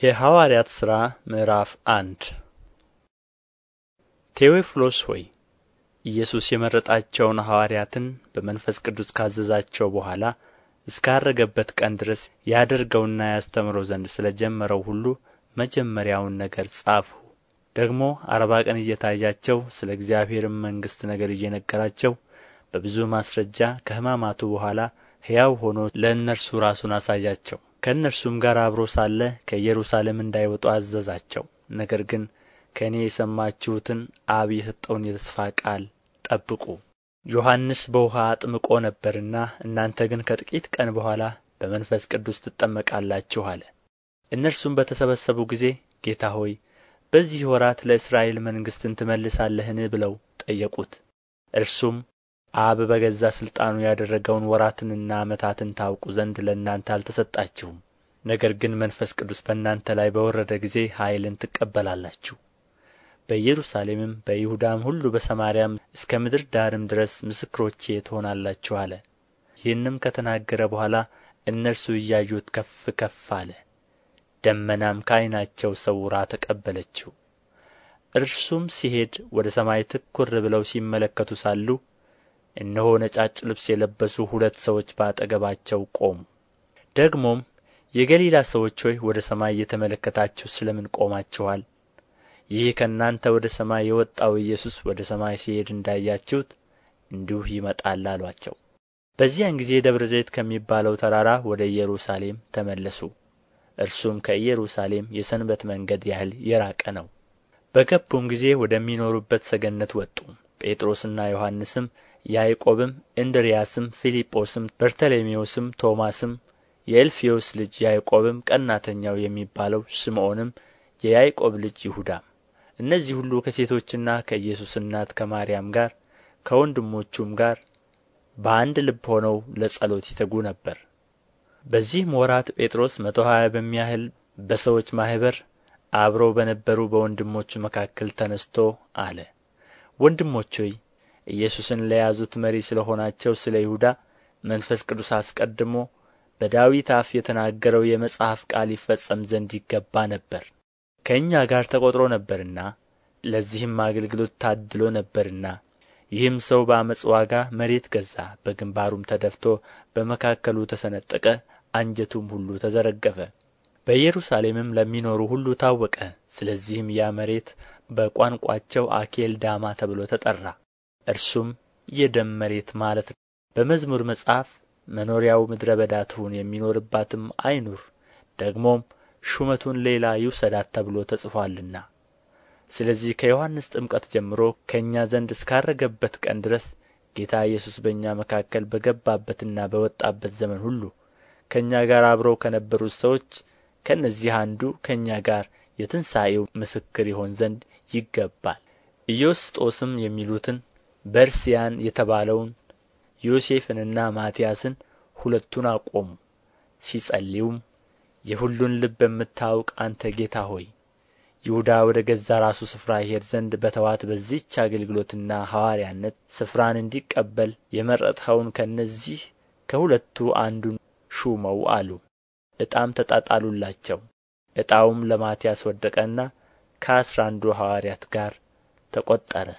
የሐዋርያት ሥራ ምዕራፍ አንድ ቴዎፍሎስ ሆይ ኢየሱስ የመረጣቸውን ሐዋርያትን በመንፈስ ቅዱስ ካዘዛቸው በኋላ እስካረገበት ቀን ድረስ ያደርገውና ያስተምረው ዘንድ ስለ ጀመረው ሁሉ መጀመሪያውን ነገር ጻፍሁ። ደግሞ አርባ ቀን እየታያቸው ስለ እግዚአብሔርም መንግሥት ነገር እየነገራቸው በብዙ ማስረጃ ከሕማማቱ በኋላ ሕያው ሆኖ ለእነርሱ ራሱን አሳያቸው። ከእነርሱም ጋር አብሮ ሳለ ከኢየሩሳሌም እንዳይወጡ አዘዛቸው። ነገር ግን ከእኔ የሰማችሁትን አብ የሰጠውን የተስፋ ቃል ጠብቁ። ዮሐንስ በውኃ አጥምቆ ነበርና እናንተ ግን ከጥቂት ቀን በኋላ በመንፈስ ቅዱስ ትጠመቃላችሁ አለ። እነርሱም በተሰበሰቡ ጊዜ ጌታ ሆይ በዚህ ወራት ለእስራኤል መንግሥትን ትመልሳለህን? ብለው ጠየቁት። እርሱም አብ በገዛ ሥልጣኑ ያደረገውን ወራትንና ዓመታትን ታውቁ ዘንድ ለእናንተ አልተሰጣችሁም ነገር ግን መንፈስ ቅዱስ በእናንተ ላይ በወረደ ጊዜ ኃይልን ትቀበላላችሁ በኢየሩሳሌምም በይሁዳም ሁሉ በሰማርያም እስከ ምድር ዳርም ድረስ ምስክሮቼ ትሆናላችሁ አለ ይህንም ከተናገረ በኋላ እነርሱ እያዩት ከፍ ከፍ አለ ደመናም ከዐይናቸው ሰውራ ተቀበለችው እርሱም ሲሄድ ወደ ሰማይ ትኩር ብለው ሲመለከቱ ሳሉ እነሆ ነጫጭ ልብስ የለበሱ ሁለት ሰዎች በአጠገባቸው ቆሙ ደግሞም የገሊላ ሰዎች ሆይ ወደ ሰማይ እየተመለከታችሁ ስለ ምን ቆማችኋል ይህ ከእናንተ ወደ ሰማይ የወጣው ኢየሱስ ወደ ሰማይ ሲሄድ እንዳያችሁት እንዲሁ ይመጣል አሏቸው። በዚያን ጊዜ ደብረ ዘይት ከሚባለው ተራራ ወደ ኢየሩሳሌም ተመለሱ እርሱም ከኢየሩሳሌም የሰንበት መንገድ ያህል የራቀ ነው በገቡም ጊዜ ወደሚኖሩበት ሰገነት ወጡ ጴጥሮስና ዮሐንስም ያዕቆብም እንድርያስም ፊልጶስም በርተሌሜዎስም፣ ቶማስም የእልፍዮስ ልጅ ያዕቆብም ቀናተኛው የሚባለው ስምዖንም የያዕቆብ ልጅ ይሁዳም እነዚህ ሁሉ ከሴቶችና ከኢየሱስ እናት ከማርያም ጋር ከወንድሞቹም ጋር በአንድ ልብ ሆነው ለጸሎት ይተጉ ነበር በዚህም ወራት ጴጥሮስ መቶ ሀያ በሚያህል በሰዎች ማኅበር አብረው በነበሩ በወንድሞቹ መካከል ተነስቶ አለ ወንድሞች ሆይ ኢየሱስን ለያዙት መሪ ስለ ሆናቸው ስለ ይሁዳ መንፈስ ቅዱስ አስቀድሞ በዳዊት አፍ የተናገረው የመጽሐፍ ቃል ይፈጸም ዘንድ ይገባ ነበር ከእኛ ጋር ተቈጥሮ ነበርና ለዚህም አገልግሎት ታድሎ ነበርና ይህም ሰው በአመፅ ዋጋ መሬት ገዛ በግንባሩም ተደፍቶ በመካከሉ ተሰነጠቀ አንጀቱም ሁሉ ተዘረገፈ በኢየሩሳሌምም ለሚኖሩ ሁሉ ታወቀ ስለዚህም ያ መሬት በቋንቋቸው አኬል ዳማ ተብሎ ተጠራ እርሱም የደም መሬት ማለት ነው በመዝሙር መጽሐፍ መኖሪያው ምድረ በዳ ትሁን የሚኖርባትም አይኑር ደግሞም ሹመቱን ሌላ ይውሰዳት ተብሎ ተጽፏልና። ስለዚህ ከዮሐንስ ጥምቀት ጀምሮ ከእኛ ዘንድ እስካረገበት ቀን ድረስ ጌታ ኢየሱስ በእኛ መካከል በገባበትና በወጣበት ዘመን ሁሉ ከእኛ ጋር አብረው ከነበሩት ሰዎች ከእነዚህ አንዱ ከእኛ ጋር የትንሣኤው ምስክር ይሆን ዘንድ ይገባል ኢዮስጦስም የሚሉትን በርስያን የተባለውን ዮሴፍንና ማትያስን ሁለቱን አቆሙ ሲጸልዩም የሁሉን ልብ የምታውቅ አንተ ጌታ ሆይ ይሁዳ ወደ ገዛ ራሱ ስፍራ ይሄድ ዘንድ በተዋት በዚች አገልግሎትና ሐዋርያነት ስፍራን እንዲቀበል የመረጥኸውን ከእነዚህ ከሁለቱ አንዱን ሹመው አሉ ዕጣም ተጣጣሉላቸው ዕጣውም ለማትያስ ወደቀና ከአስራ አንዱ ሐዋርያት ጋር ተቈጠረ